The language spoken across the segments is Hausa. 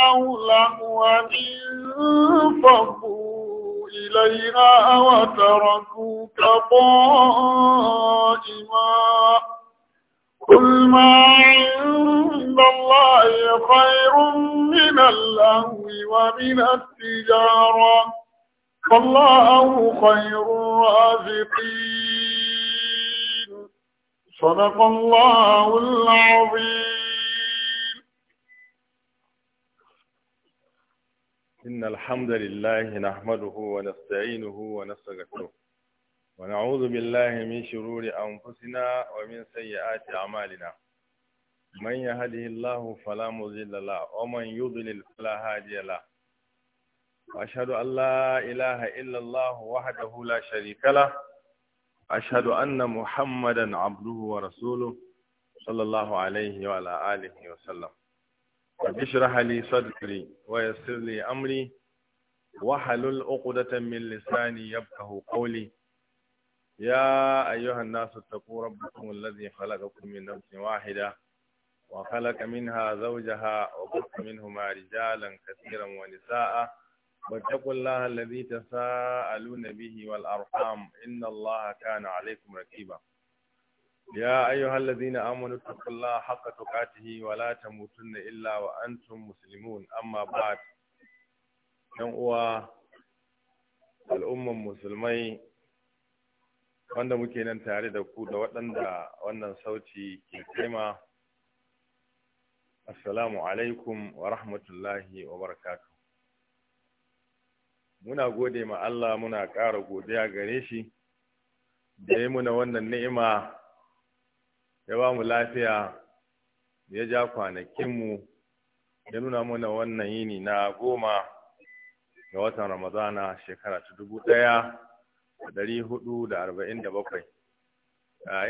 أولم وانفقوا إليها وتركوك قائما قل ما عند الله خير من اللهو ومن التجارة فالله خير الرازقين صدق الله العظيم إن الحمد لله نحمده ونستعينه ونستغفره ونعوذ بالله من شرور أنفسنا ومن سيئات أعمالنا من يهده الله فلا مضل له ومن يضلل فلا هادي له وأشهد أن لا إله إلا الله وحده لا شريك له أشهد أن محمدا عبده ورسوله صلى الله عليه وعلى آله وسلم رب اشرح لي صدري ويسر لي أمري وحلل عقدة من لساني يفقه قولي يا أيها الناس اتقوا ربكم الذي خلقكم من نفس واحدة وخلق منها زوجها وبث منهما رجالا كثيرا ونساء واتقوا الله الذي تساءلون به والأرحام إن الله كان عليكم ركيبا يا أيها الذين آمنوا اتقوا الله حق تقاته ولا تموتن إلا وأنتم مسلمون أما بعد ينقوى الأمة musulmai, wanda muke nan tare da ku da waɗanda wannan sauti ke kaima assalamu alaikum wa rahmatullahi wa barakatu muna gode ma Allah muna ƙara godiya gare shi da mu muna wannan ni'ima ya ba mu lafiya ya ja kwanakinmu ya nuna mana wannan yini na goma ga watan ramadana shekara ta dubu ɗaya da dari hudu da arba'in da bakwai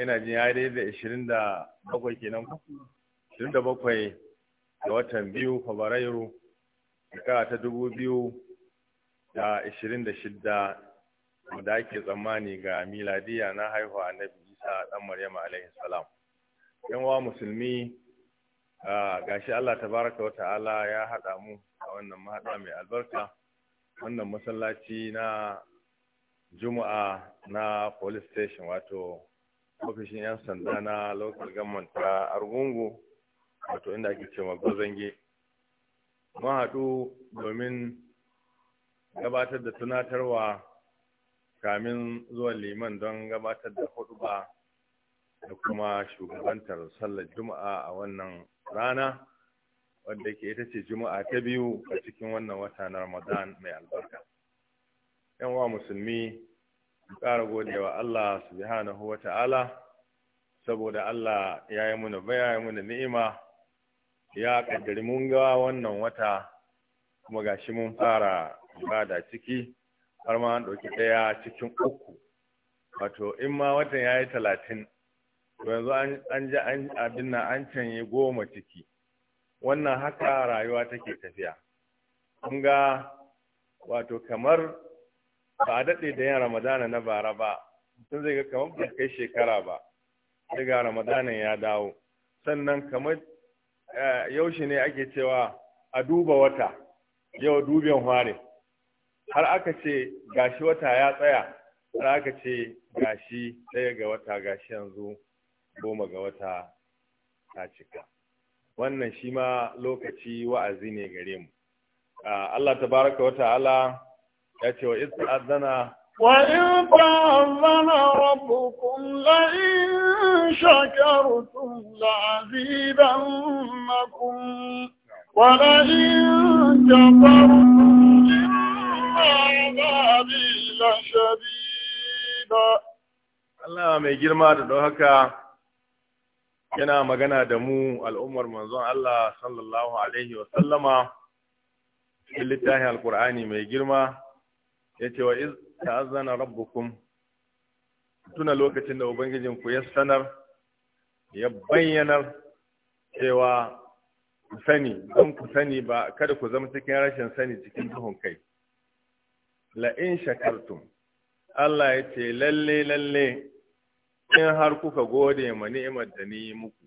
ina jin ya dai da ishirin da bakwai kenan nan. ishirin da bakwai ga watan biyu fabrairu shekara ta dubu biyu da ishirin da shidda da ake tsammani ga miladiya na haihuwa biyu isa ɗan maryama alaihi salam yan wa musulmi gashi Allah tabaraka wa ta'ala ya haɗa mu a wannan mahaɗa mai albarka wannan masallaci na juma'a na police station wato ofishin 'yan sanda na local government ta argungu wato inda ake cewa gozange mun haɗu domin gabatar da tunatarwa kamin zuwa liman don gabatar da hudu ba da kuma shugabantar sallar juma'a a wannan rana wadda ke ita ce juma'a ta biyu a cikin wannan wata na ramadan mai albarka yan wa musulmi ƙara godewa allah subhanahu wa ta'ala saboda allah ya yi muna baya muna ni'ima ya kaddari mun ga wannan wata kuma gashi mun fara ibada ciki har ma an ɗauki ɗaya cikin uku wato in ma watan ya yi talatin yanzu an ji abin na an canye goma ciki wannan haka rayuwa take tafiya kun ga wato kamar ba a daɗe da yin ramadana na bara ba mutum zai ga kamar ba kai shekara ba daga ramadana ya dawo sannan kamar eh, yaushe ne ake cewa a duba wata yau duben hware har aka ce gashi wata ya tsaya har aka ce gashi ɗaya ga wata gashi yanzu goma ga wata ta cika wannan shi ma lokaci wa'azi ne gare mu Allah tabaraka wata ala ya ce wa azana wa تعظم ربكم rabukun la'in لعزيزنكم ولئن كفرتم إن عذابي لشديد Allah mai girma da don haka yana magana da mu al'ummar manzon Allah sallallahu alaihi wa sallama cikin littafin alkur'ani mai girma ya ce, wa iz ta'azzana rabbukum tuna lokacin da ubangijin ku ya sanar ya bayyanar cewa ku sani don ku sani ba kada ku zama cikin rashin sani cikin duhun kai la in shakartum Allah ya ce lalle lalle in har kuka gode ma ni'imar da ni muku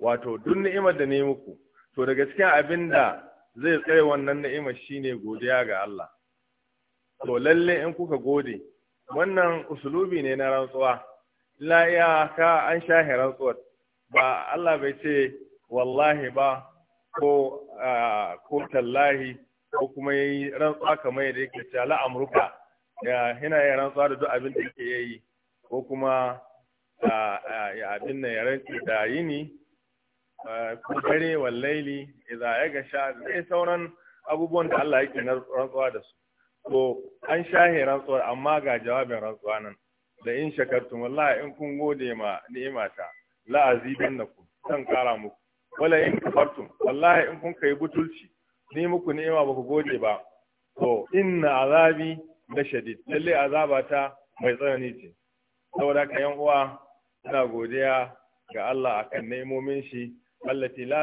wato duk ni'imar da ni muku to daga cikin abin da zai tsaye wannan ni'imar shine godiya ga Allah to lalle in kuka gode wannan usulubi ne na rantsuwa la iya ka an shahe rantsuwar ba Allah bai ce wallahi ba ko ko tallahi ko kuma yi rantsuwa kamar yadda yake ce la amruka ya hina ya rantsuwa da duk abin da yake yi ko kuma abin nan ya rantse da yini ko dare wallaili idza ya gasha zai sauran abubuwan da Allah yake na rantsuwa da su to an shahe rantsuwa amma ga jawabin rantsuwa nan da in shakartum wallahi in kun gode ma ni'imata la azidannakum san kara muku wala in kafartum wallahi in kun kai butulci ni muku ni'ima ba ku gode ba to inna azabi la shadid lalle azabata mai tsanani ce saboda ka yan uwa ina godiya ga Allah akan nemomin shi allati la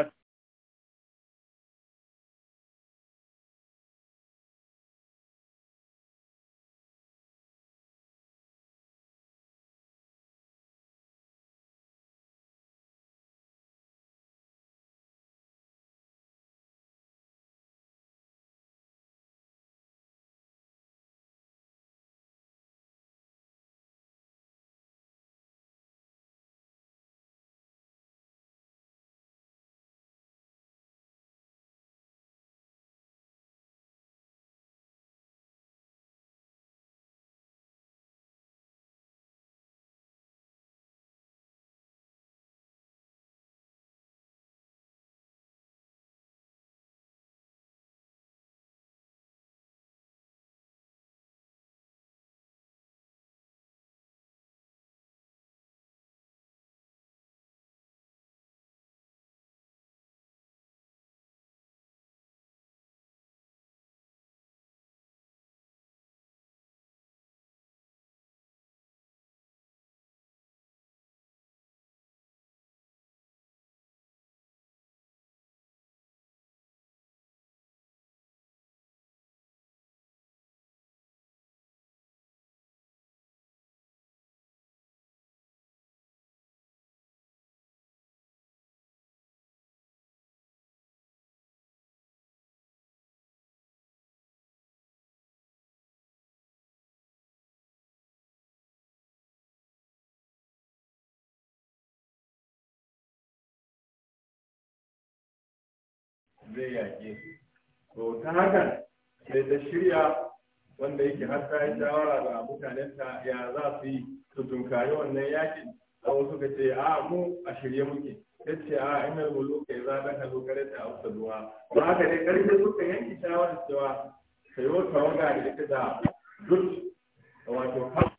zai yaƙe su to ta hakan sai ta shirya wanda yake har ta yi shawara da mutanenta ya za su yi su tunkari wannan yakin a wasu ka ce a mu a shirya muke ta ce a ina gulu ka yi zaɓen ka lokare ta hausa duwa ba haka dai ƙarfi suka yanki shawarar cewa ka yi wata waga da ita da duk wato haka.